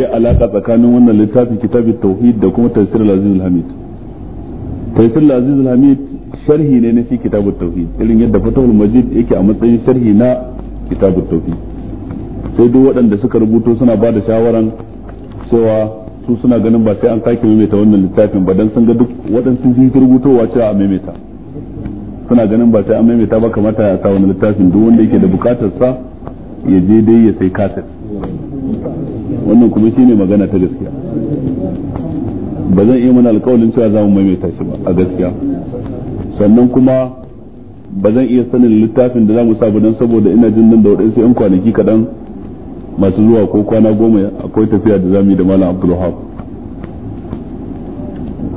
ya alaka tsakanin wannan littafin kitabin tauhid da kuma tafsir al-aziz al-hamid tafsir al-aziz al-hamid sharhi ne na shi kitabut tauhid irin yadda fatahul majid yake a matsayin sharhi na kitabut tauhid sai duk waɗanda suka rubuto suna ba da shawaran cewa su suna ganin ba sai an sake maimaita wannan littafin ba dan sun ga duk waɗansu sun rubutowa cewa a maimaita suna ganin ba sai an maimaita ba kamata ya sa wani littafin duk wanda yake da bukatar sa ya je dai ya sai kaset wannan kuma shine magana ta gaskiya ba zan iya mana alkawalin cewa za mu maimaita shi ba a gaskiya sannan kuma ba zan iya sanin littafin da za mu sabu don saboda ina jin nan da waɗansu 'yan kwanaki kaɗan masu zuwa ko kwana goma akwai tafiya da za mu yi da malam abdulhab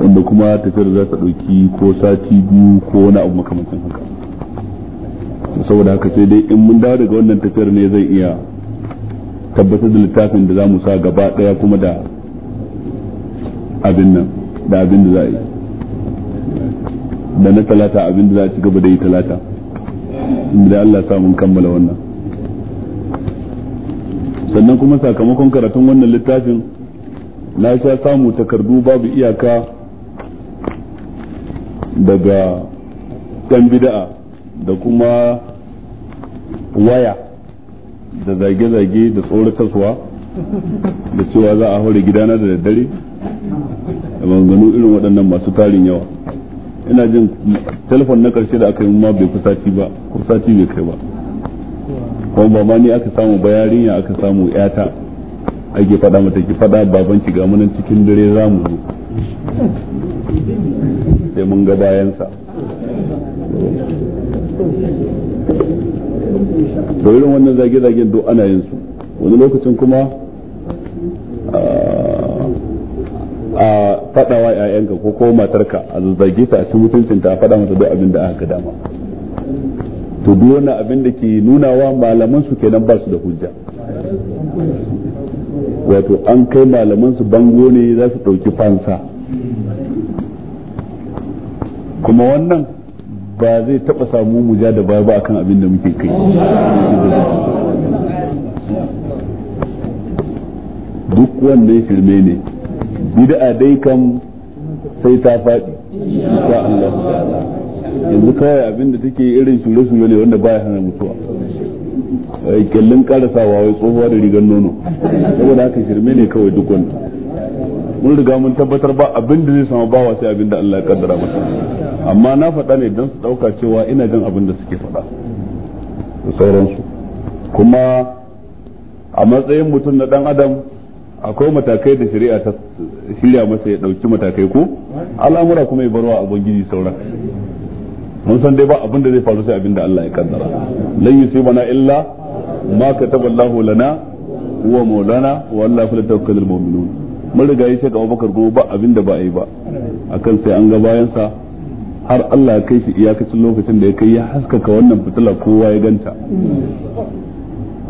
wanda kuma tafiyar za ta ɗauki ko sati biyu ko wani abu makamancin haka saboda haka sai dai in mun dawo daga wannan tafiyar ne zai iya tabbatar da littafin da za mu sa gaba daya kuma da abin nan da abin da za a yi da na talata abin da za a ci gaba da yi talata da Allah sa mun kammala wannan sannan kuma sakamakon karatun wannan littafin na sha samu takardu babu iyaka daga ɗan bida'a da kuma waya da zage-zage da kasuwa da cewa za a hore gidana da daddare da maganganu irin waɗannan masu tarin yawa ina jin telefon na ƙarshe da aka yi ma bai kusaci ba ko bai kai ba kuma ba ma ni aka samu ba yarinya aka samu yata ake faɗa mata ki faɗa baban ki ga munan cikin dare za mu zo sai mun ga bayansa da irin wannan zage-zagen ana yin su wani lokacin kuma a faɗawa ‘ya'yanka ko ko matarka a zage ta a cin mutuncinta a faɗa mata duk abin da aka dama to duk wani abin da ke wa malaman su kenan ba su da hujja wato an kai malaman su bango ne za su ɗauki fansa kuma wannan ba zai taba samu mu ja da baya ba akan abin da muke kai duk wannan shirme ne bid'a dai kam sai ta faɗi insha Allah yanzu kawai abin da take irin shure-shure ne wanda baya hana mutuwa karasa wa wai tsohuwa da rigar nono saboda haka shirme ne kawai duk wannan mun riga mun tabbatar ba abin da zai sama bawa sai abin da Allah ya kaddara masa amma na faɗa ne don su ɗauka cewa ina jin abin da suke faɗa da sauransu kuma a matsayin mutum na ɗan adam akwai matakai da shari'a ta shirya masa ya ɗauki matakai ko al'amura kuma ya barwa ubangiji sauran mun san dai ba abin da zai faru sai abin da Allah ya kaddara lan yusibana illa ma kataballahu lana wa maulana wa Allah fa tawakkalul mu'minun mun riga yi ga Abubakar gobe ba abin da ba yi ba akan sai an ga bayansa har Allah ya kai shi iyakacin lokacin da ya kai ya haskaka wannan fitila kowa ya ganta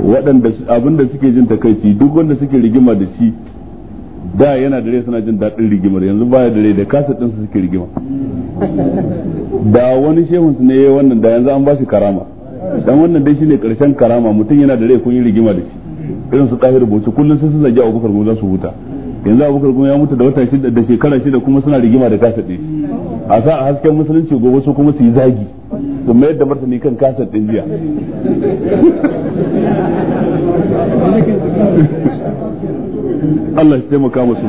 waɗanda abinda suke jin takaici duk wanda suke rigima da shi da yana dare suna jin daɗin rigimar yanzu baya da rai da kasa ɗinsu suke rigima da wani su ne ya wannan da yanzu an ba shi karama dan wannan dai shine karshen karama mutum yana dare kun yi rigima da shi irin su tahir bauchi kullum sai su zage abubakar gobe za su huta yanzu abubakar kuma ya mutu da wata shida da shekara shida kuma suna rigima da kaset din a sa a hasken musulunci gobe su kuma su yi zagi su mayar da martani kan kasa ɗin jiya Allah shi taimaka musu